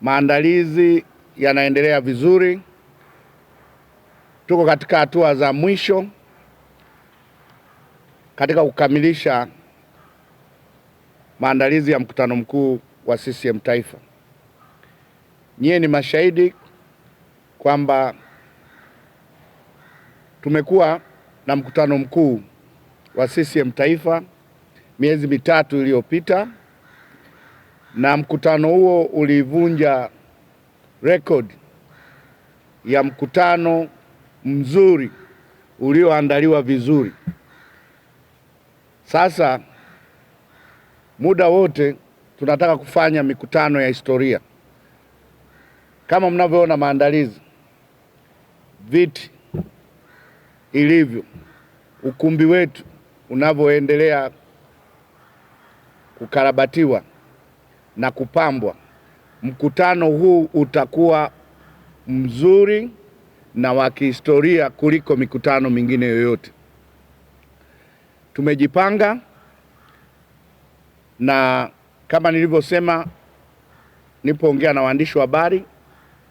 Maandalizi yanaendelea vizuri, tuko katika hatua za mwisho katika kukamilisha maandalizi ya mkutano mkuu wa CCM Taifa. Nyie ni mashahidi kwamba tumekuwa na mkutano mkuu wa CCM Taifa miezi mitatu iliyopita na mkutano huo ulivunja rekodi ya mkutano mzuri ulioandaliwa vizuri. Sasa muda wote tunataka kufanya mikutano ya historia. Kama mnavyoona maandalizi, viti ilivyo, ukumbi wetu unavyoendelea kukarabatiwa na kupambwa. Mkutano huu utakuwa mzuri na wa kihistoria kuliko mikutano mingine yoyote. Tumejipanga na kama nilivyosema nipoongea na waandishi wa habari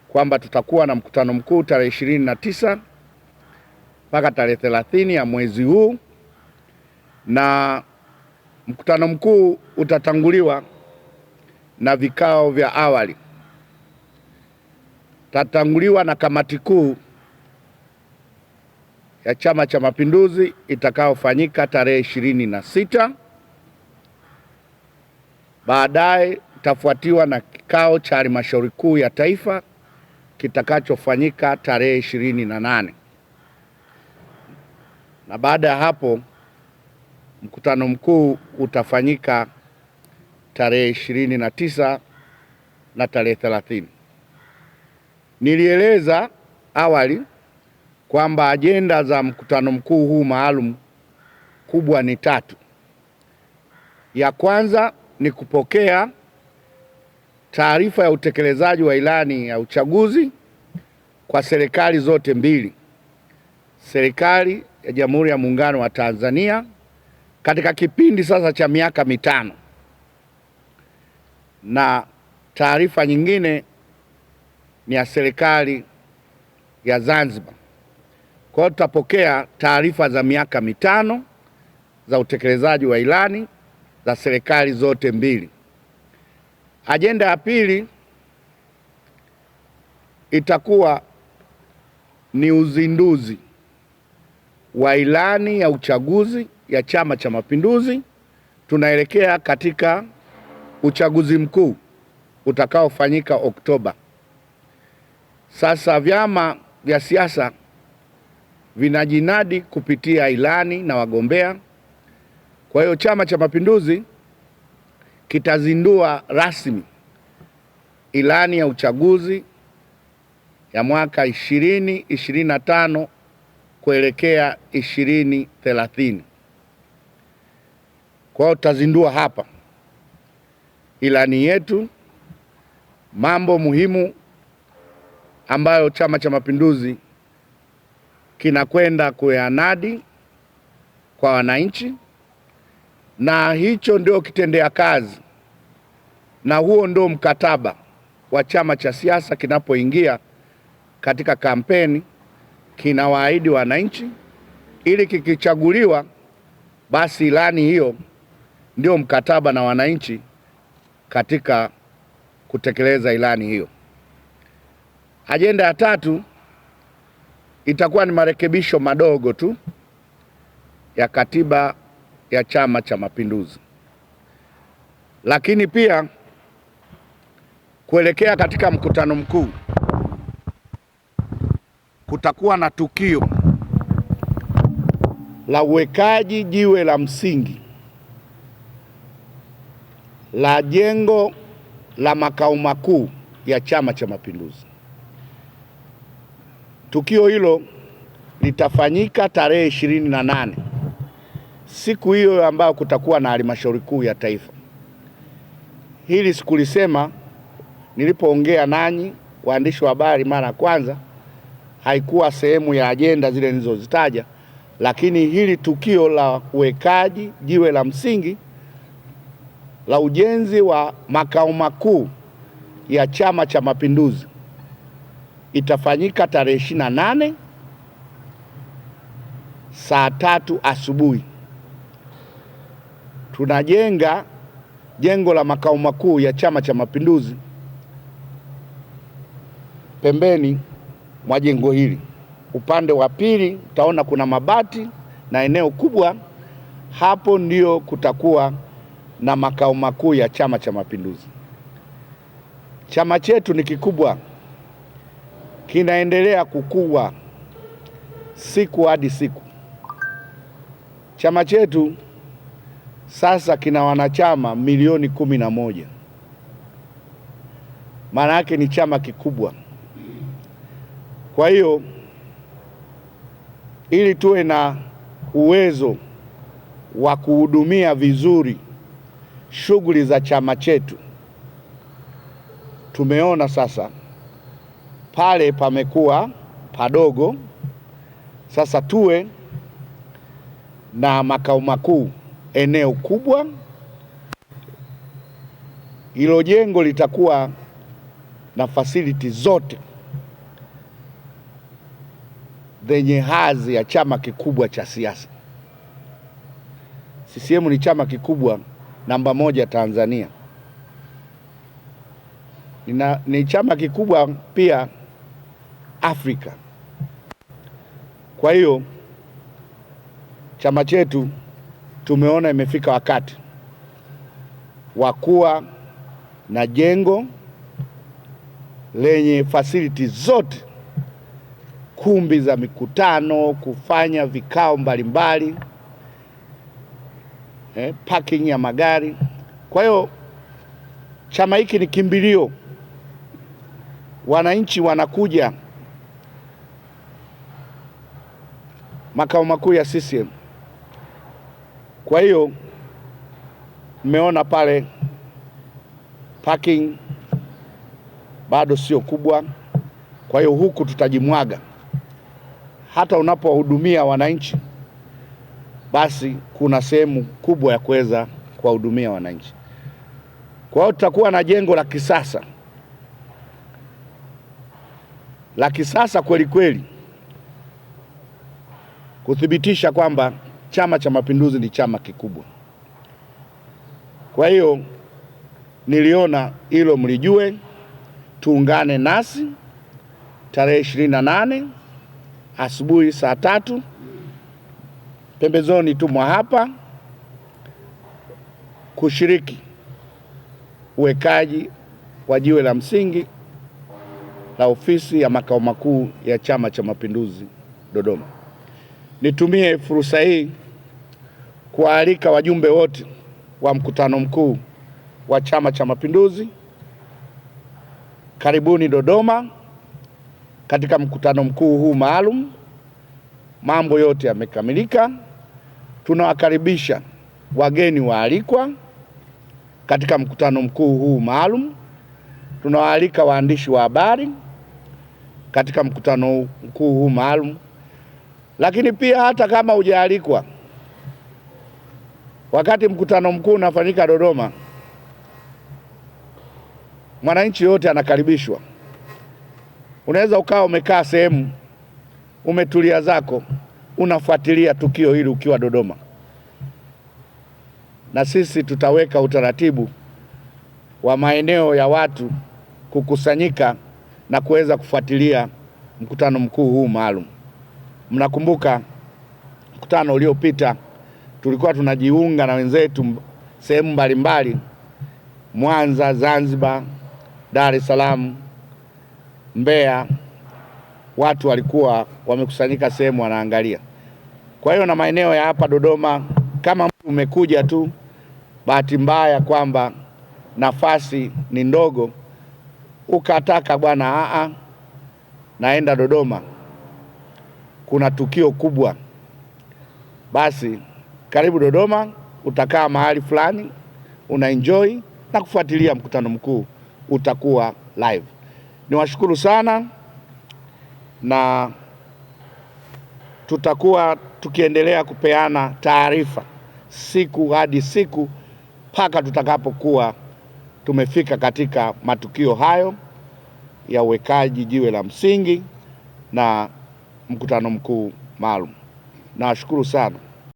kwamba tutakuwa na mkutano mkuu tarehe ishirini na tisa mpaka tarehe thelathini ya mwezi huu, na mkutano mkuu utatanguliwa na vikao vya awali tatanguliwa na kamati kuu ya Chama cha Mapinduzi itakayofanyika tarehe ishirini na sita. Baadaye itafuatiwa na kikao cha halmashauri kuu ya taifa kitakachofanyika tarehe ishirini na nane na baada ya hapo mkutano mkuu utafanyika tarehe ishirini na tisa na tarehe thelathini. Nilieleza awali kwamba ajenda za mkutano mkuu huu maalum kubwa ni tatu. Ya kwanza ni kupokea taarifa ya utekelezaji wa ilani ya uchaguzi kwa serikali zote mbili, serikali ya Jamhuri ya Muungano wa Tanzania katika kipindi sasa cha miaka mitano na taarifa nyingine ni ya serikali ya Zanzibar. Kwa hiyo tutapokea taarifa za miaka mitano za utekelezaji wa ilani za serikali zote mbili. Ajenda ya pili itakuwa ni uzinduzi wa ilani ya uchaguzi ya Chama cha Mapinduzi. Tunaelekea katika uchaguzi mkuu utakaofanyika Oktoba. Sasa vyama vya siasa vinajinadi kupitia ilani na wagombea. Kwa hiyo Chama cha Mapinduzi kitazindua rasmi ilani ya uchaguzi ya mwaka 2025 kuelekea 2030. Kwa hiyo tutazindua hapa ilani yetu, mambo muhimu ambayo Chama cha Mapinduzi kinakwenda kuyanadi kwa wananchi, na hicho ndio kitendea kazi na huo ndio mkataba wa chama cha siasa kinapoingia katika kampeni, kinawaahidi wananchi ili kikichaguliwa, basi ilani hiyo ndio mkataba na wananchi katika kutekeleza ilani hiyo. Ajenda ya tatu itakuwa ni marekebisho madogo tu ya katiba ya Chama cha Mapinduzi, lakini pia kuelekea katika mkutano mkuu kutakuwa na tukio la uwekaji jiwe la msingi la jengo la makao makuu ya Chama cha Mapinduzi. Tukio hilo litafanyika tarehe ishirini na nane, siku hiyo ambayo kutakuwa na halmashauri kuu ya taifa. Hili sikulisema nilipoongea nanyi waandishi wa habari mara ya kwanza, haikuwa sehemu ya ajenda zile nilizozitaja, lakini hili tukio la uwekaji jiwe la msingi la ujenzi wa makao makuu ya Chama cha Mapinduzi itafanyika tarehe nane saa tatu asubuhi. Tunajenga jengo la makao makuu ya Chama cha Mapinduzi pembeni mwa jengo hili. Upande wa pili utaona kuna mabati na eneo kubwa, hapo ndio kutakuwa na makao makuu ya Chama cha Mapinduzi. Chama chetu ni kikubwa, kinaendelea kukua siku hadi siku. Chama chetu sasa kina wanachama milioni kumi na moja. Maana yake ni chama kikubwa. Kwa hiyo ili tuwe na uwezo wa kuhudumia vizuri shughuli za chama chetu, tumeona sasa pale pamekuwa padogo. Sasa tuwe na makao makuu eneo kubwa. Hilo jengo litakuwa na fasiliti zote zenye hadhi ya chama kikubwa cha siasa. CCM ni chama kikubwa namba moja Tanzania. Nina, ni chama kikubwa pia Afrika. Kwa hiyo chama chetu tumeona imefika wakati wa kuwa na jengo lenye fasiliti zote, kumbi za mikutano, kufanya vikao mbalimbali mbali eh, parking ya magari. Kwa hiyo chama hiki ni kimbilio, wananchi wanakuja makao makuu ya CCM. Kwa hiyo mmeona pale parking bado sio kubwa, kwa hiyo huku tutajimwaga. Hata unapowahudumia wananchi basi kuna sehemu kubwa ya kuweza kuwahudumia wananchi. Kwa hiyo tutakuwa na jengo la kisasa la kisasa kweli kweli, kuthibitisha kwamba Chama cha Mapinduzi ni chama kikubwa. Kwa hiyo niliona hilo mlijue, tuungane nasi tarehe 28 asubuhi saa tatu pembezoni tu mwa hapa kushiriki uwekaji wa jiwe la msingi la ofisi ya makao makuu ya Chama cha Mapinduzi Dodoma. Nitumie fursa hii kuwaalika wajumbe wote wa mkutano mkuu wa Chama cha Mapinduzi. Karibuni Dodoma katika mkutano mkuu huu maalum. Mambo yote yamekamilika. Tunawakaribisha wageni waalikwa katika mkutano mkuu huu maalum. Tunawaalika waandishi wa habari katika mkutano mkuu huu maalum, lakini pia hata kama hujaalikwa, wakati mkutano mkuu unafanyika Dodoma, mwananchi yote anakaribishwa. Unaweza ukawa umekaa sehemu umetulia zako unafuatilia tukio hili ukiwa Dodoma, na sisi tutaweka utaratibu wa maeneo ya watu kukusanyika na kuweza kufuatilia mkutano mkuu huu maalum. Mnakumbuka mkutano uliopita tulikuwa tunajiunga na wenzetu sehemu mbalimbali, Mwanza, Zanzibar, Dar es Salaam, Mbeya watu walikuwa wamekusanyika sehemu wanaangalia. Kwa hiyo na maeneo ya hapa Dodoma, kama mtu umekuja tu, bahati mbaya kwamba nafasi ni ndogo, ukataka bwana, aa, naenda Dodoma, kuna tukio kubwa, basi karibu Dodoma, utakaa mahali fulani, una enjoy na kufuatilia mkutano mkuu, utakuwa live. Niwashukuru sana na tutakuwa tukiendelea kupeana taarifa siku hadi siku mpaka tutakapokuwa tumefika katika matukio hayo ya uwekaji jiwe la msingi na mkutano mkuu maalum. Nawashukuru sana.